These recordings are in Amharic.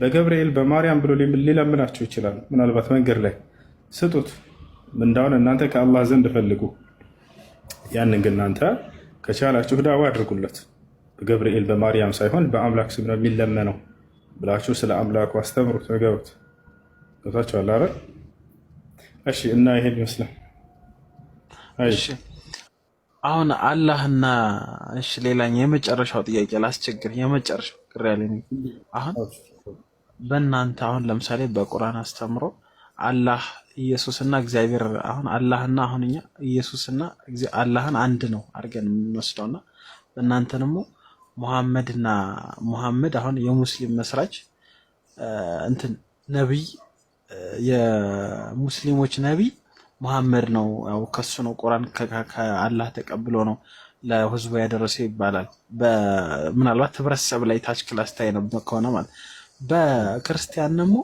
በገብርኤል በማርያም ብሎ ሊለምናቸው ይችላል። ምናልባት መንገድ ላይ ስጡት እንዳሁን እናንተ ከአላህ ዘንድ ፈልጉ። ያንን ግን እናንተ ከቻላችሁ ዳዋ አድርጉለት። በገብርኤል በማርያም ሳይሆን በአምላክ ስም ነው የሚለመነው ብላችሁ ስለ አምላኩ አስተምሩት፣ ነገሩት። ገብታችኋል? አረ እሺ። እና ይሄን ይመስላል። አሁን አላህና እሺ፣ ሌላኛ የመጨረሻው ጥያቄ ላስቸግር፣ የመጨረሻው ቅር ያለ አሁን በእናንተ አሁን ለምሳሌ በቁርአን አስተምሮ አላህ ኢየሱስና እግዚአብሔር አሁን አላህና አሁን እኛ ኢየሱስና አላህን አንድ ነው አድርገን የምንወስደውና በእናንተ ደግሞ ሙሐመድና ሙሐመድ አሁን የሙስሊም መስራች እንትን ነቢይ የሙስሊሞች ነቢይ ሙሐመድ ነው። ያው ከሱ ነው ቁርአን ከአላህ ተቀብሎ ነው ለህዝቡ ያደረሰው ይባላል። ምናልባት ህብረተሰብ ላይ ታች ክላስ ታይ ነው ከሆነ ማለት በክርስቲያን ደግሞ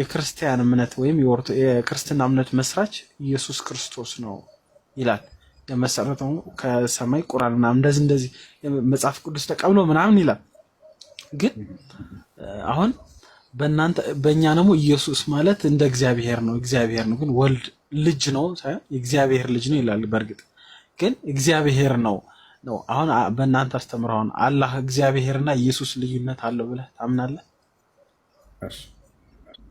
የክርስቲያን እምነት ወይም የክርስትና እምነት መስራች ኢየሱስ ክርስቶስ ነው ይላል። የመሰረተው ከሰማይ ቁራን ምናምን እንደዚህ እንደዚህ መጽሐፍ ቅዱስ ተቀብሎ ምናምን ይላል። ግን አሁን በእናንተ በእኛ ደግሞ ኢየሱስ ማለት እንደ እግዚአብሔር ነው እግዚአብሔር ነው ግን ወልድ ልጅ ነው የእግዚአብሔር ልጅ ነው ይላል። በእርግጥ ግን እግዚአብሔር ነው ነው። አሁን በእናንተ አስተምሮ አሁን አላህ እግዚአብሔርና ኢየሱስ ልዩነት አለው ብለህ ታምናለህ?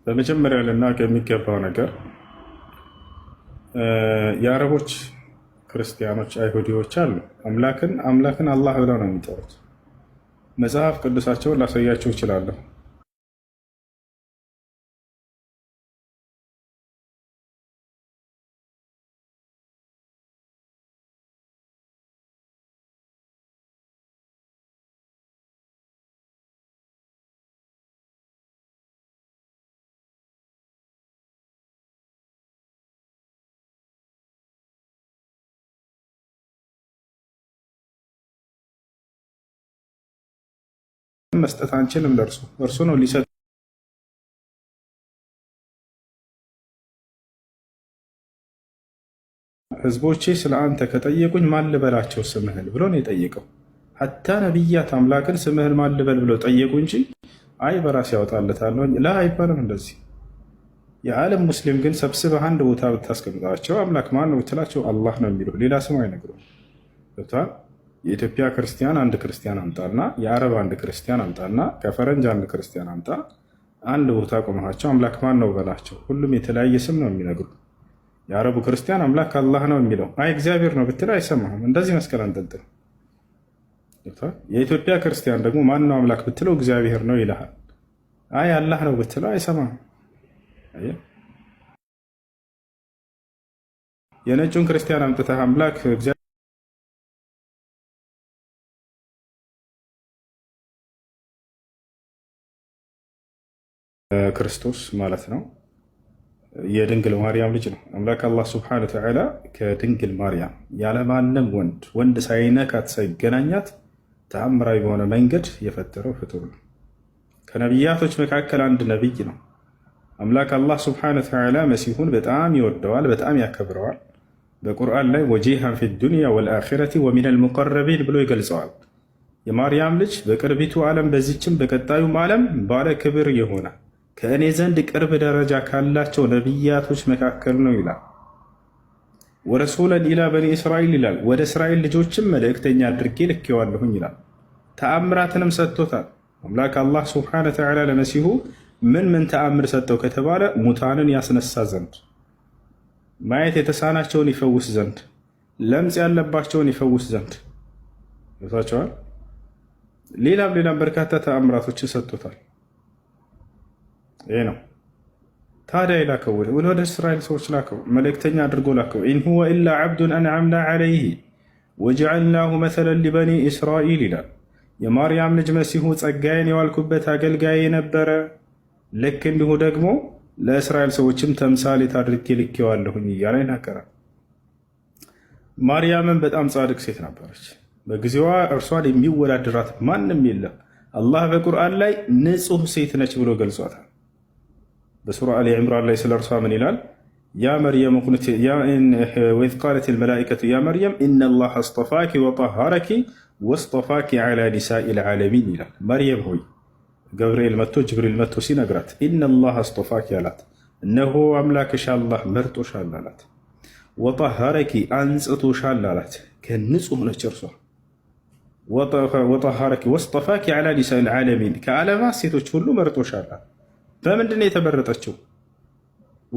በመጀመሪያ ልናውቅ የሚገባው ነገር የአረቦች ክርስቲያኖች፣ አይሁዲዎች አሉ። አምላክን አምላክን አላህ ብለው ነው የሚጠሩት። መጽሐፍ ቅዱሳቸውን ላሳያቸው እችላለሁ። መስጠት አንችልም። ለእርሱ እርሱ ነው ሊሰጥ ህዝቦቼ ስለ አንተ ከጠየቁኝ ማን ልበላቸው ስምህን ብሎ ነው የጠየቀው። ሀታ ነቢያት አምላክን ስምህን ማን ልበል ብለው ጠየቁ እንጂ አይ በራስ ያወጣለታለሁ ላ አይባልም እንደዚህ። የዓለም ሙስሊም ግን ሰብስበህ አንድ ቦታ ብታስቀምጣቸው አምላክ ማን ነው ብትላቸው አላህ ነው የሚለው ሌላ ስም አይነግሩም። የኢትዮጵያ ክርስቲያን አንድ ክርስቲያን አምጣና የአረብ አንድ ክርስቲያን አምጣና ከፈረንጅ አንድ ክርስቲያን አምጣ፣ አንድ ቦታ ቆመኋቸው አምላክ ማን ነው በላቸው። ሁሉም የተለያየ ስም ነው የሚነግሩ። የአረቡ ክርስቲያን አምላክ አላህ ነው የሚለው፣ አይ እግዚአብሔር ነው ብትለው አይሰማህም። እንደዚህ መስቀል አንጠልጥል። የኢትዮጵያ ክርስቲያን ደግሞ ማን ነው አምላክ ብትለው እግዚአብሔር ነው ይልሃል። አይ አላህ ነው ብትለው አይሰማህም። የነጩን ክርስቲያን አምጥተህ አምላክ ክርስቶስ ማለት ነው። የድንግል ማርያም ልጅ ነው። አምላክ አላህ ስብሐነ ወተዓላ ከድንግል ማርያም ያለማንም ወንድ ወንድ ሳይነካት ሳይገናኛት ተአምራዊ በሆነ መንገድ የፈጠረው ፍጡር ነው። ከነቢያቶች መካከል አንድ ነቢይ ነው። አምላክ አላህ ስብሐነ ወተዓላ መሲሁን በጣም ይወደዋል፣ በጣም ያከብረዋል። በቁርአን ላይ ወጂሃን ፊ ዱንያ ወልአኺረቲ ወሚነል ሙቀረቢን ብሎ ይገልጸዋል። የማርያም ልጅ በቅርቢቱ ዓለም በዚችም በቀጣዩም ዓለም ባለ ክብር የሆነ ከእኔ ዘንድ ቅርብ ደረጃ ካላቸው ነቢያቶች መካከል ነው ይላል። ወረሱለን ኢላ በኒ እስራኤል ይላል። ወደ እስራኤል ልጆችም መልእክተኛ አድርጌ ልኬዋለሁኝ ይላል። ተአምራትንም ሰጥቶታል። አምላክ አላህ ስብሐነ ተዓላ ለመሲሁ ምን ምን ተአምር ሰጠው ከተባለ ሙታንን ያስነሳ ዘንድ፣ ማየት የተሳናቸውን ይፈውስ ዘንድ፣ ለምጽ ያለባቸውን ይፈውስ ዘንድ ይወታቸዋል። ሌላም ሌላም በርካታ ተአምራቶችን ሰጥቶታል። ይሄ ነው። ታዲያ ይላከው ወደ እስራኤል ሰዎች ላከው፣ መልእክተኛ አድርጎ ላከው። ኢን ሁወ ኢላ ዓብዱን አንዓምና ዓለይህ ወጀዐልናሁ መሰለን ሊበኒ እስራኤል ይላል። የማርያም ልጅ መሲሁ ጸጋዬን የዋልኩበት አገልጋይ የነበረ ልክ እንዲሁ ደግሞ ለእስራኤል ሰዎችም ተምሳሌት አድርጌ ልኬዋለሁኝ እያለ ይናገራል። ማርያምን በጣም ጻድቅ ሴት ነበረች። በጊዜዋ እርሷን የሚወዳደራት ማንም የለም። አላህ በቁርአን ላይ ንጹህ ሴት ነች ብሎ ገልጿታል። በሱራ አሊ ዕምራን ላይ ስለ እርሷ ምን ይላል? ያ መርየም ወኢዝ ቃለት ልመላኢከቱ ያ መርየም ኢነላህ አስጠፋኪ ወጠሃረኪ ወስጠፋኪ ላ ኒሳኢ ልዓለሚን ይላል። መርየም ሆይ ገብርኤል መጥቶ ጅብሪል መጥቶ ሲነግራት ኢነላህ አስጠፋኪ አላት። እነሆ አምላክሽ አላህ መርጦሻል አላት። ወጠሃረኪ አንጽቶሻል አላት። ከንጹህ ነች እርሷ ወጠሃረኪ ወስጠፋኪ ላ ኒሳኢ ልዓለሚን ከዓለማት ሴቶች ሁሉ መርጦሻል አላት። በምንድን ነው የተመረጠችው?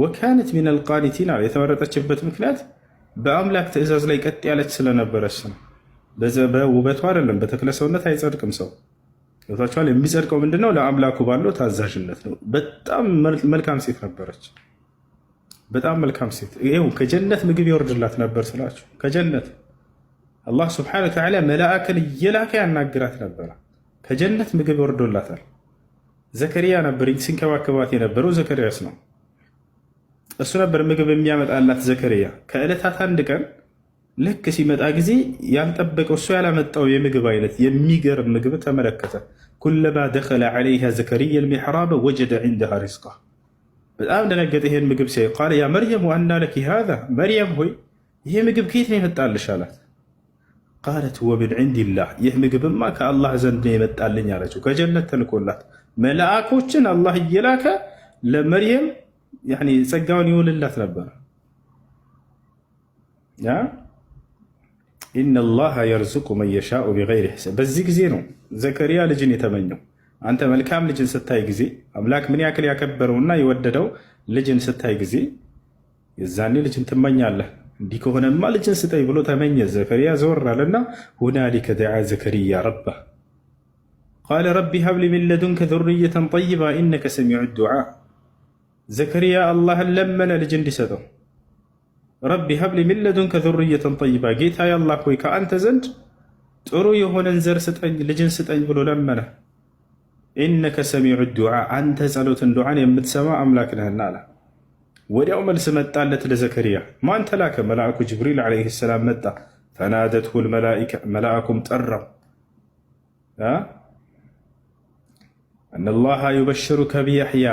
ወካነት ሚነል ቃኒቲን አለ። የተመረጠችበት ምክንያት በአምላክ ትእዛዝ ላይ ቀጥ ያለች ስለነበረች ነው። በውበቱ አይደለም። በተክለ ሰውነት አይጸድቅም ሰው ቷቸኋል። የሚጸድቀው ምንድነው? ለአምላኩ ባለው ታዛዥነት ነው። በጣም መልካም ሴት ነበረች። በጣም መልካም ሴት ይኸው ከጀነት ምግብ ይወርድላት ነበር ስላችሁ፣ ከጀነት አላህ ስብሐነሁ ወተዓላ መላእክን እየላከ ያናግራት ነበረ። ከጀነት ምግብ ይወርዶላታል። ዘከሪያ ነበርኝ ሲንከባከባት የነበረው ዘከሪያስ ነው። እሱ ነበር ምግብ የሚያመጣላት ዘከሪያ። ከዕለታት አንድ ቀን ልክ ሲመጣ ጊዜ ያልጠበቀው እሱ ያላመጣው የምግብ አይነት የሚገርም ምግብ ተመለከተ። ኩለማ ደኸለ ዓለይሃ ዘከሪያ አልሚሕራበ ወጀደ ዒንደሃ ሪዝቃ። በጣም ደነገጠ ይሄን ምግብ ሲያይ። ቃለ ያ መርየም አና ለኪ ሃዛ፣ መርየም ሆይ ይሄ ምግብ ከየት ነው የመጣልሽ አላት። ቃለት ወምን ዒንዲላህ፣ ይህ ምግብማ ከአላህ ዘንድ ነው የመጣልኝ አለችው። ከጀነት ተልኮላት መልአኮችን አላህ እየላከ ለመርየም ጸጋውን ይውልላት ነበር። ኢነላሃ የርዙቁ መን የሻኡ ቢገይሪ ሒሳብ። በዚህ ጊዜ ነው ዘከሪያ ልጅን የተመኘው። አንተ መልካም ልጅን ስታይ ጊዜ አምላክ ምን ያክል ያከበረውና የወደደው ልጅን ስታይ ጊዜ የዛኔ ልጅን ትመኛለህ። እንዲህ ከሆነማ ልጅን ስጠኝ ብሎ ተመኘ። ዘከሪያ ዘወር አለና ሁናሊከ ደዓ ዘከሪያ ረባ ቃለ ረቢ ሀብሊ ሚን ለዱንከ ዙርየተን ጠይባ ኢነከ ሰሚዑ ዱዓ። ዘከሪያ አላህን ለመነ ልጅ እንዲሰጠው። ረቢ ሀብሊ ሚን ለዱንከ ዙርየተን ጠይባ፣ ጌታ ያላህ ሆይ ከአንተ ዘንድ ጥሩ የሆነን ዘር ስጠኝ ልጅን ስጠኝ ብሎ ለመነ። ኢነከ ሰሚዑ ዱዓ፣ አንተ ጸሎትን ዱዓን የምትሰማ አምላክ ነህና አለ። ወዲያው መልስ መጣለት ለዘከሪያ። ማን ተላከ? መልአኩ ጅብሪል ዓለይሂ ሰላም መጣ። ተናደትሁ ልመላኢካ፣ መልአኩም ጠራው አነላሃ ዩበሽሩ ቢያሕያ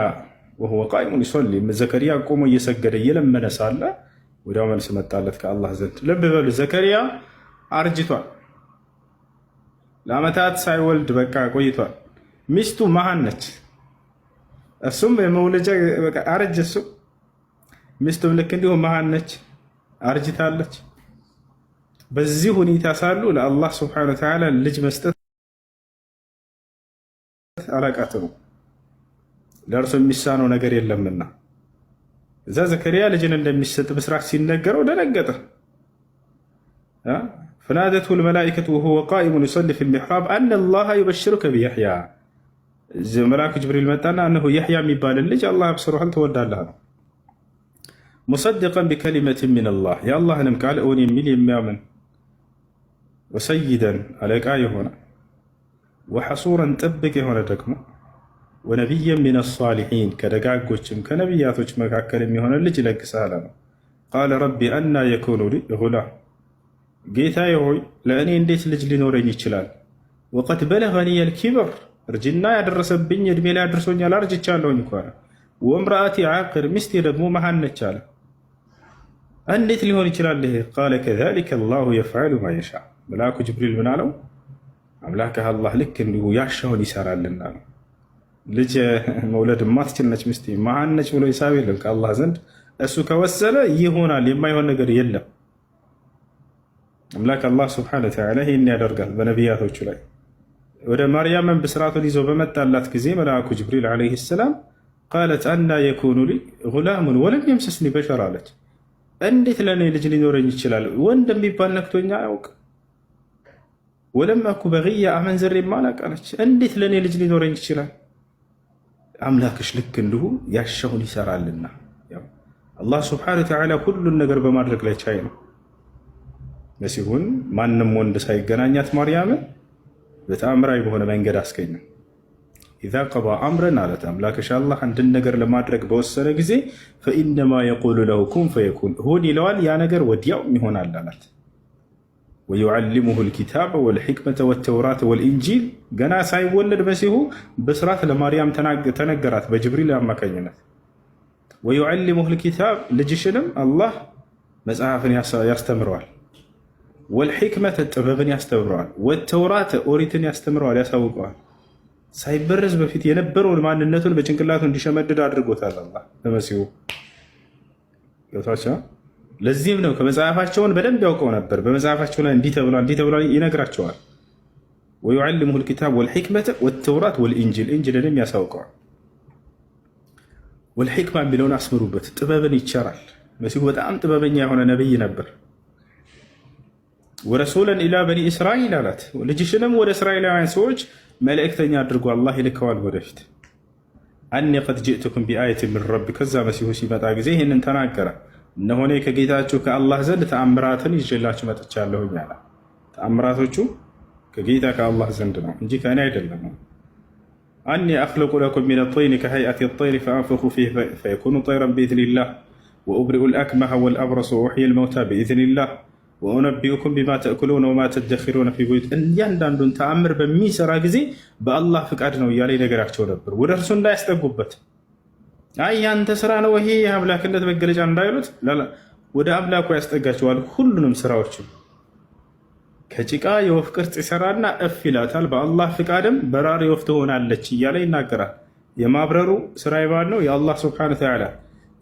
ወሁወ ቃኢሙን ይሶሊ ዘከሪያ ቆሞ እየሰገደ እየለመነ ሳለ ወዲያው መልስ መጣለት ከአላህ ዘንድ። ልብ በሉ ዘከሪያ አርጅቷል፣ ለአመታት ሳይወልድ በቃ ቆይቷል። ሚስቱ መሃን ነች፣ እሱም የመውለጃ አረጀ። እሱም ሚስቱም ልክ እንዲሁ መሃን ነች፣ አርጅታለች። በዚህ ሁኔታ ሳሉ ለአላህ ስብሐነሁ ወተዓላ ልጅ መስጠት አለቃት ነው፣ ለእርሱ የሚሳነው ነገር የለምና። እዛ ዘከሪያ ልጅን እንደሚሰጥ ብስራት ሲነገረው ደነገጠ። ፈናደትሁ ልመላኢከቱ ወሁወ ቃኢሙን ዩሰሊ ፊ ልሚሕራብ አነ ላሃ ዩበሽሩከ ብያሕያ መልአኩ ጅብሪል መጣና እነሆ ያሕያ የሚባልን ልጅ አላህ አብስሮሃል ትወልዳለህ ነው። ሙሰድቀን ቢከሊመትን ምን ላህ የአላህንም ቃል እውን የሚል የሚያምን ወሰይደን አለቃ የሆነ ወሐሱረን ጥብቅ የሆነ ደግሞ ወነቢየን ሚነ ሳሊሒን ከደጋጎችም ከነቢያቶች መካከል የሚሆነ ልጅ ይለግስሃል ነው። ቃለ ረቢ አና የኩኑ ሊ ጉላም፣ ጌታዬ ሆይ ለእኔ እንዴት ልጅ ሊኖረኝ ይችላል? ወቀድ በለገኒ የልኪበር እርጅና ያደረሰብኝ እድሜ ላይ አድርሶኛል፣ አርጅቻለሁኝ እኮ አለ። ወምርአቲ ዓቅር ሚስቴ ደግሞ መሃን ነች አለ። እንዴት ሊሆን ይችላል ይሄ? ቃለ ከዛሊከ አላሁ የፍዐሉ ማ የሻእ። መልአኩ ጅብሪል ምን አለው? አምላክህ አላህ ልክ እንዲሁ ያሻውን ይሰራልና ነው። ልጅ መውለድ ማትችል ነች ሚስቴ ነች ብሎ ሂሳብ የለም ከአላህ ዘንድ። እሱ ከወሰነ ይሆናል፣ የማይሆን ነገር የለም። አምላክ አላህ ስብሐነሁ ወተዓላ ይህን ያደርጋል በነቢያቶቹ ላይ። ወደ ማርያምን ብስራቱን ይዞ በመጣላት ጊዜ መልአኩ ጅብሪል ዓለይሂ ሰላም ቃለት አና የኩኑ ሊ ጉላሙን ወለም የምሰስኒ በሸር አለች። እንዴት ለእኔ ልጅ ሊኖረኝ ይችላል? ወንድ የሚባል ነክቶኛ አያውቅ ወለማ እኮ በቅያ አመንዝሬማ አላቃለች። እንዴት ለእኔ ልጅ ሊኖረኝ ይችላል? አምላክሽ ልክ እንዲሁ ያሻውን ይሰራልና አላህ ስብሐነ ወተዓላ ሁሉን ነገር በማድረግ ላይ ቻይ ነው። መሲሁን ማንም ወንድ ሳይገናኛት ማርያምን በተአምራዊ በሆነ መንገድ አስገኘ። ኢዛ ቀዷ አምረን አለት አምላክሽ አላህ አንድን ነገር ለማድረግ በወሰነ ጊዜ ፈኢነማ የቁሉ ለሁ ኩን ፈየኩን ሁን ይለዋል። ያ ነገር ወዲያው ይሆናል አላት። ወዩዓሊሙሁ ልኪታበ ወልሕክመተ ወተውራተ ወልኢንጂል ገና ሳይወለድ መሲሁ በስራት ለማርያም ተነገራት በጅብሪል አማካኝነት። ወዩዓሊሙሁ ልኪታብ ልጅሽንም አላህ መጽሐፍን ያስተምረዋል፣ ወልሕክመተ ጥበብን ያስተምረዋል፣ ወተውራተ ኦሪትን ያስተምረዋል፣ ያሳውቀዋል። ሳይበረዝ በፊት የነበረውን ማንነቱን በጭንቅላቱ እንዲሸመድድ አድርጎታል አላህ ለመሲሁ ገብቷቸዋል። ለዚህም ነው ከመጽሐፋቸውን በደንብ ያውቀው ነበር። በመጽሐፋቸው ላይ እንዲህ ተብሏል እንዲህ ተብሏል ይነግራቸዋል። ወዩዓልሙሁል ኪታብ ወልሕክመተ ወተውራት ወልኢንጅል ኢንጅልንም ያሳውቀዋል። ወልሕክማ የሚለውን አስምሩበት፣ ጥበብን ይቸራል። መሲሁ በጣም ጥበበኛ የሆነ ነቢይ ነበር። ወረሱለን ኢላ በኒ እስራኤል አላት። ልጅሽንም ወደ እስራኤላውያን ሰዎች መልእክተኛ አድርጎ አላህ ይልከዋል ወደፊት አኒ ቀድ ጅእትኩም ቢአየት ምን ረቢ። ከዛ መሲሁ ሲመጣ ጊዜ ይህንን ተናገረ። እነሆ እኔ ከጌታችሁ ከአላህ ዘንድ ተአምራትን ይዤላችሁ መጥቻለሁ አለ። ተአምራቶቹ ከጌታ ከአላህ ዘንድ ነው እንጂ ከእኔ አይደለም። አኒ አክለቁ ለኩም ሚነ ጦይን ከሀይአት ጦይር ፈአንፍኩ ፊህ ፈየኩኑ ጦይረን ብኢዝኒላህ ወኡብሪኡ ልአክመሀ ወልአብረሰ ወኡሕይ ልመውታ ብኢዝኒላህ ወኡነቢኡኩም ቢማ ተእኩሉነ ወማ ተደኪሩነ ፊ ቡዩት። እያንዳንዱን ተአምር በሚሰራ ጊዜ በአላህ ፍቃድ ነው እያለ ይነገራቸው ነበር ወደ እርሱ እንዳያስጠጉበት አይ ያንተ ስራ ነው ይሄ የአምላክነት መገለጫ እንዳይሉት ወደ አምላኩ ያስጠጋቸዋል። ሁሉንም ስራዎችም ከጭቃ የወፍ ቅርጽ ይሰራና እፍ ይላታል። በአላህ ፍቃድም በራሪ ወፍ ትሆናለች እያለ ይናገራል። የማብረሩ ስራ ይባል ነው የአላህ ስብሐነ ተዓላ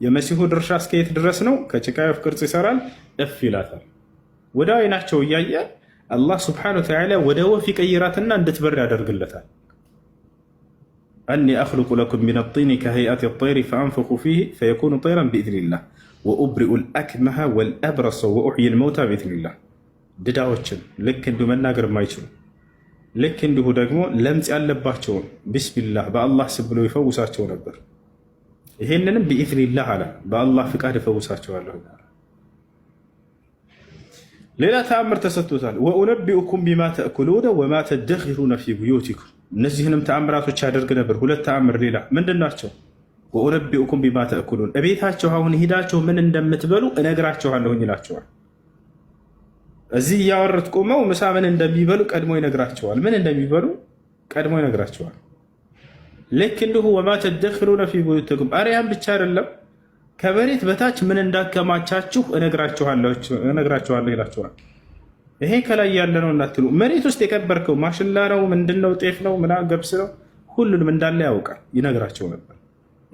የመሲሁ ድርሻ እስከየት ድረስ ነው? ከጭቃ የወፍ ቅርጽ ይሰራል፣ እፍ ይላታል። ወደ አይናቸው እያየ አላህ ስብሐነ ተዓላ ወደ ወፍ ይቀይራትና እንድትበር ያደርግለታል። አኒ አክልቁ ለኩም ሚነ ጢኒ ከሀይአት ጠይሪ ፈአንፍኩ ፊህ ፈየኩኑ ጠይረን ቢኢዝኒላህ ወኡብሪኡ ልአክመሃ ወልአብረሰ ወኡሕይ ልመውታ ቢኢዝኒላህ። ድዳዎችን ልክ እንዲሁ መናገር የማይችሉ ልክ እንዲሁ ደግሞ ለምጽ ያለባቸውን ቢስሚላህ በአላህ ስም ብሎ ይፈውሳቸው ነበር። ይሄንንም ቢኢዝኒላህ አለ፣ በአላህ ፍቃድ እፈውሳቸዋለሁ። ሌላ ተአምር ተሰጥቶታል። ወኡነቢኡኩም ቢማ ተእኩሉነ ወማ ተደኪሩነ ፊ ቡዩቲኩም እነዚህንም ተአምራቶች ያደርግ ነበር። ሁለት ተአምር ሌላ ምንድን ናቸው? ወኡነቢኡኩም ቢማ ተእኩሉን እቤታቸው አሁን ሂዳቸው ምን እንደምትበሉ እነግራቸዋለሁኝ ይላቸዋል። እዚህ እያወረት ቆመው ምሳ ምን እንደሚበሉ ቀድሞ ይነግራቸዋል። ምን እንደሚበሉ ቀድሞ ይነግራቸዋል። ልክ እንዲሁ ወማ ተደክሉነ ፊ ቡዩትኩም፣ አርያም ብቻ አይደለም ከመሬት በታች ምን እንዳከማቻችሁ እነግራችኋለሁ ይላቸዋል። ይሄ ከላይ ያለ ነው እንዳትሉ፣ መሬት ውስጥ የቀበርከው ማሽላ ነው፣ ምንድን ነው፣ ጤፍ ነው፣ ምና ገብስ ነው፣ ሁሉንም እንዳለ ያውቃል፣ ይነግራቸው ነበር።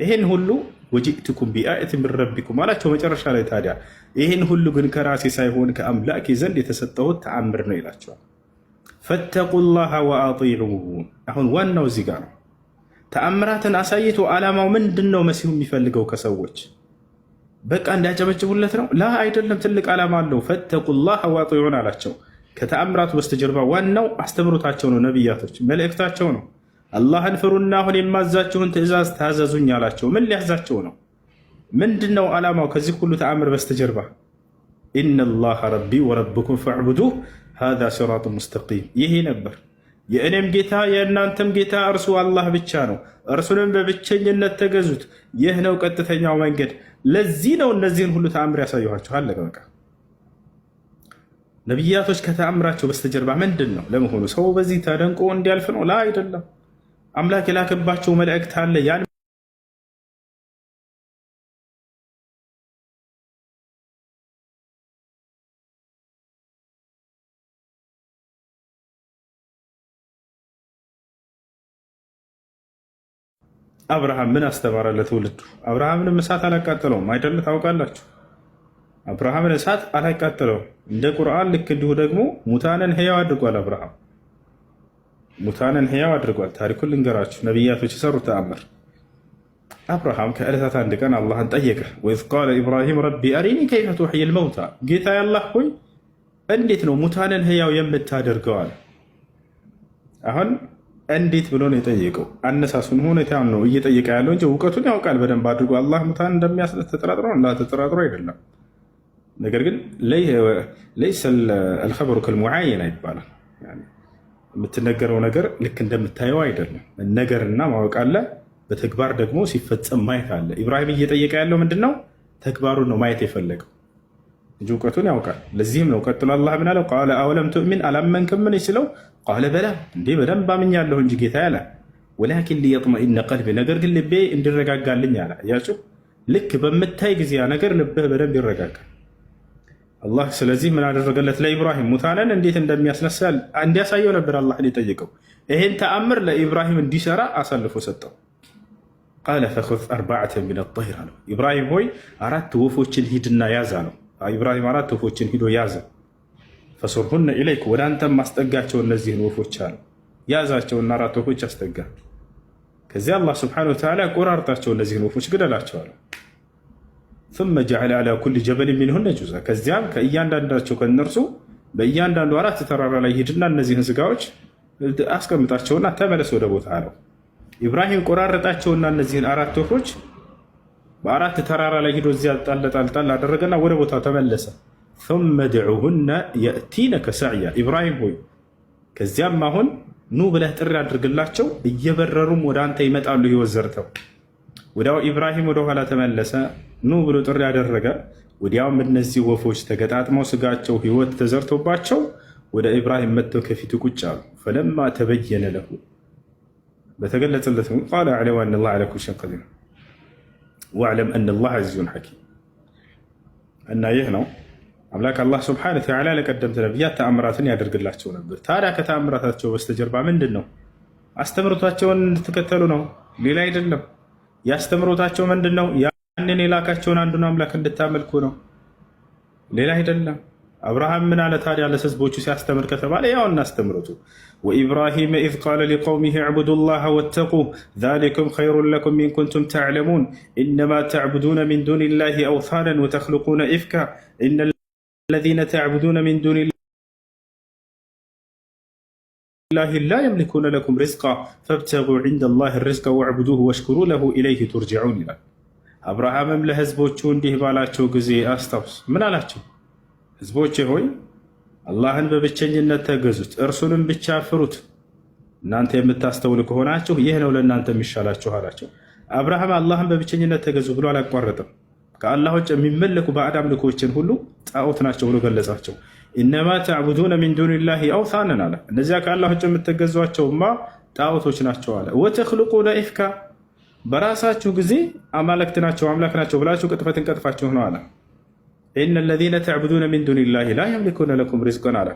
ይሄን ሁሉ ወጂትኩም ቢአየት ምን ረቢኩም አላቸው። መጨረሻ ላይ ታዲያ ይህን ሁሉ ግን ከራሴ ሳይሆን ከአምላኬ ዘንድ የተሰጠሁት ተአምር ነው ይላቸዋል። ፈተቁላህ ወአጢዑን። አሁን ዋናው እዚህ ጋር ነው። ተአምራትን አሳይቶ ዓላማው ምንድን ነው? መሲሁ የሚፈልገው ከሰዎች በቃ እንዲያጨበጭቡለት ነው። ላ አይደለም፣ ትልቅ ዓላማ አለው። ፈተቁላህ ዋጢዑን አላቸው። ከተአምራቱ በስተጀርባ ዋናው አስተምሮታቸው ነው፣ ነቢያቶች መልእክታቸው ነው። አላህን ፍሩና አሁን የማዛችሁን ትእዛዝ ታዘዙኝ አላቸው። ምን ሊያዛቸው ነው? ምንድን ነው ዓላማው ከዚህ ሁሉ ተአምር በስተጀርባ? ኢነላህ ረቢ ወረብኩም ፈዕቡዱ ሃዛ ሲራጡ ሙስተቂም። ይሄ ነበር የእኔም ጌታ የእናንተም ጌታ እርሱ አላህ ብቻ ነው፣ እርሱንም በብቸኝነት ተገዙት። ይህ ነው ቀጥተኛው መንገድ ለዚህ ነው እነዚህን ሁሉ ተአምር ያሳየኋቸው። አለቀ በቃ። ነቢያቶች ከተአምራቸው በስተጀርባ ምንድን ነው ለመሆኑ? ሰው በዚህ ተደንቆ እንዲያልፍ ነው? ላ አይደለም። አምላክ የላከባቸው መልእክት አለ። አብርሃም ምን አስተማረ ለትውልዱ? አብርሃምንም እሳት አላቃጠለውም አይደለ? ታውቃላችሁ፣ አብርሃምን እሳት አላቃጠለውም። እንደ ቁርአን ልክ እንዲሁ ደግሞ ሙታንን ህያው አድርጓል። አብርሃም ሙታንን ህያው አድርጓል። ታሪኩን ልንገራችሁ። ነቢያቶች የሰሩት ተአምር። አብርሃም ከዕለታት አንድ ቀን አላህን ጠየቀ። ወኢዝ ቃለ ኢብራሂም ረቢ አሪኒ ከይፈ ቱሕይል መውታ፣ ጌታ ያላህ ሆይ እንዴት ነው ሙታንን ህያው የምታደርገዋል? አሁን እንዴት ብሎ ነው የጠየቀው? አነሳሱን ሁኔታ ነው እየጠየቀ ያለው እንጂ እውቀቱን ያውቃል በደንብ አድርጎ። አላህ ሙታን እንደሚያስነስ ተጠራጥሮ ተጠራጥሮ አይደለም። ነገር ግን ለይሰ አልኸበሩ ከልሙዓየና ይባላል። የምትነገረው ነገር ልክ እንደምታየው አይደለም። ነገርና ማወቅ አለ፣ በተግባር ደግሞ ሲፈጸም ማየት አለ። ኢብራሂም እየጠየቀ ያለው ምንድን ነው? ተግባሩን ነው ማየት የፈለገው እንጂ እውቀቱን ያውቃል። ለዚህም ነው ቀጥሎ አላህ ምን አለው? ቃለ አውለም ትእሚን አላመንክምን ሲለው ቃለ በላ እንዴ በደንብ አምኛለሁ እንጂ ጌታ ያለ ወላኪን ሊየጥመኢነ ቀልቢ ነገር ግን ልቤ እንዲረጋጋልኝ አለ። እያችሁ ልክ በምታይ ጊዜ ያ ነገር ልብህ በደንብ ይረጋጋል። አላህ ስለዚህ ምን አደረገለት ለኢብራሂም? ሙታንን እንዴት እንደሚያስነሳ እንዲያሳየው ነበር አላህ የጠየቀው። ይሄን ተአምር ለኢብራሂም እንዲሰራ አሳልፎ ሰጠው። ቃለ ፈኹዝ አርባዕተ ሚነ ጠይር አለው። ኢብራሂም ሆይ አራት ወፎችን ሂድና ያዝ አለው። ኢብራሂም አራት ወፎችን ሂዶ ያዘ። ፈሶርሁነ ኢለይክ ወደ አንተም ማስጠጋቸው እነዚህን ወፎች አሉ። ያዛቸውና አራት ወፎች አስጠጋ። ከዚያ አላህ ስብሐነሁ ወተዓላ ቆራርጣቸው እነዚህን ወፎች ግደላቸው አለ። ሱመ ጀዐለ ዐላ ኩሊ ጀበል ሚንሁነ ጁዝአ፣ ከዚያም ከእያንዳንዳቸው ከነርሱ በእያንዳንዱ አራት ተራራ ላይ ሂድና እነዚህን ስጋዎች አስቀምጣቸውና ተመለስ ወደ ቦታ አለው። ኢብራሂም ቆራረጣቸውና እነዚህን አራት ወፎች በአራት ተራራ ላይ ሂዶ እዚያ ጣል ጣል ጣል አደረገና ወደ ቦታ ተመለሰ። ثመ ድዑሁነ የእቲነከ ሰዕያ ኢብራሂም ሆይ ከዚያም አሁን ኑ ብለህ ጥሪ አድርግላቸው እየበረሩም ወደ አንተ ይመጣሉ ህይወት ዘርተው ወዲያው ኢብራሂም ወደኋላ ተመለሰ ኑ ብሎ ጥሪ አደረገ ወዲያውም እነዚህ ወፎች ተገጣጥመው ስጋቸው ህይወት ተዘርቶባቸው ወደ ኢብራሂም መጥተው ከፊቱ ቁጭ አሉ ፈለማ ተበየነ ለሁ በተገለጸለት ቃለ አዕለም አን ላ ላ ኩል ሸይን ቀዲር ወዕለም አን ላ ዐዚዙን ሐኪም እና ይህ ነው አምላክ አላህ ስብሐነሁ ወተዓላ ለቀደምት ነቢያት ተአምራትን ያደርግላቸው ነበር። ታዲያ ከተአምራታቸው በስተጀርባ ምንድን ነው? አስተምሮታቸውን እንድትከተሉ ነው፣ ሌላ አይደለም። የአስተምሮታቸው ምንድን ነው? ያንን የላካቸውን አንዱን አምላክ እንድታመልኩ ነው፣ ሌላ አይደለም። አብርሃም ምን አለ ታዲያ ለህዝቦቹ ሲያስተምር ከተባለ ያው እናስተምረቱ ወኢብራሂም ኢዝ ቃለ ሊቀውሚህ ዕቡዱላህ ወተቁ ዛሊኩም ኸይሩን ለኩም ኢንኩንቱም ተዕለሙን ኢነማ ተዕቡዱነ ሚን ዱኒላሂ አውሳነን ወተኽልቁነ ኢፍካ ኢነ الذين تعبدون من دون الله لا يملكون لكم رزقا فابتغوا عند الله الرزق واعبدوه واشكروا له اليه ترجعون ይላል። አብርሃምም ለህዝቦቹ እንዲህ ባላቸው ጊዜ አስታውስ። ምን አላቸው? ህዝቦቼ ሆይ አላህን በብቸኝነት ተገዙት፣ እርሱንም ብቻ ፍሩት። እናንተ የምታስተውል ከሆናችሁ ይህ ነው ለእናንተ የሚሻላችሁ አላቸው። አብርሃም አላህን በብቸኝነት ተገዙ ብሎ አላቋረጥም። ከአላህ ውጭ የሚመለኩ ባዕድ አምልኮችን ሁሉ ጣዖት ናቸው ብሎ ገለጻቸው። ኢነማ ተዕቡዱነ ሚን ዱኒላሂ አውሳንን አለ። እነዚያ ከአላህ ውጭ የምትገዟቸውማ ጣዖቶች ናቸው አለ። ወተክልቁነ ኢፍካ በራሳችሁ ጊዜ አማልክት ናቸው አምላክ ናቸው ብላችሁ ቅጥፈትን ቀጥፋችሁ ነው አለ። ኢነ ለዚነ ተዕቡዱነ ሚን ዱኒላሂ ላ የምሊኩነ ለኩም ሪዝቀን አለ።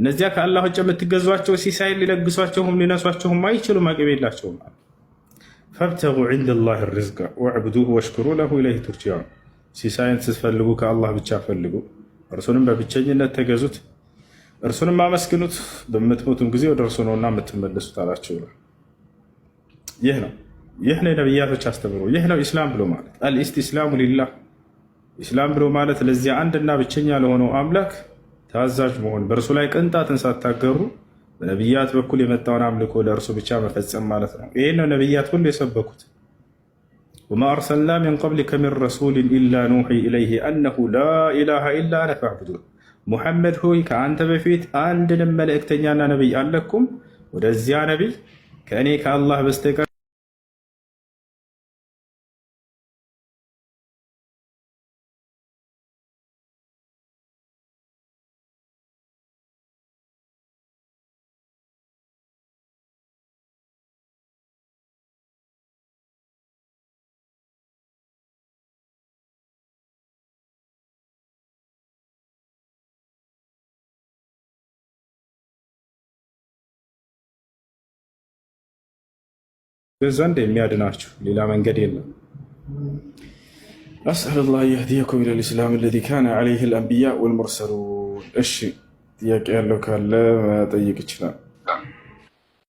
እነዚያ ከአላህ ውጭ የምትገዟቸው ሲሳይን ሊለግሷቸውም ሊነሷቸውም አይችሉም፣ አቅም የላቸውም። ፈብተጉ ዒንደላሂ ሪዝቀ ወዕቡዱሁ ወሽኩሩ ለሁ ኢለይሂ ቱርጃዑን ሲሳይን ስትፈልጉ ከአላህ ብቻ ፈልጉ። እርሱንም በብቸኝነት ተገዙት፣ እርሱንም አመስግኑት። በምትሞቱም ጊዜ ወደ እርሱ ነውና የምትመለሱት አላቸው ይላል። ይህ ነው ይህ ነው የነብያቶች አስተምሮ። ይህ ነው ኢስላም ብሎ ማለት አልኢስትስላሙ ሊላህ ኢስላም ብሎ ማለት ለዚያ አንድና ብቸኛ ለሆነው አምላክ ታዛዥ መሆን፣ በእርሱ ላይ ቅንጣትን ሳታገሩ በነብያት በኩል የመጣውን አምልኮ ለእርሱ ብቻ መፈጸም ማለት ነው። ይህ ነው ነብያት ሁሉ የሰበኩት። ወማ አርሰልና ሚን ቀብሊከ ሚን ረሱሊን ኢላ ኑሒ ኢለይህ አነሁ ላ ኢላሃ ኢላ አነ ፈዕቡዱን። ሙሐመድ ሆይ ከአንተ በፊት አንድንም መልእክተኛና ነቢይ አለኩም ወደዚያ ነቢይ ከእኔ ከአላህ በስተቀር ዘንድ የሚያድናችሁ ሌላ መንገድ የለም። አስአልላህ የህዲየኩም ኢለል ኢስላም አለዚ ካነ ዐለይሂል አንቢያ ወል ሙርሰሉን። እሺ ጥያቄ ያለው ካለ መጠየቅ ይችላል።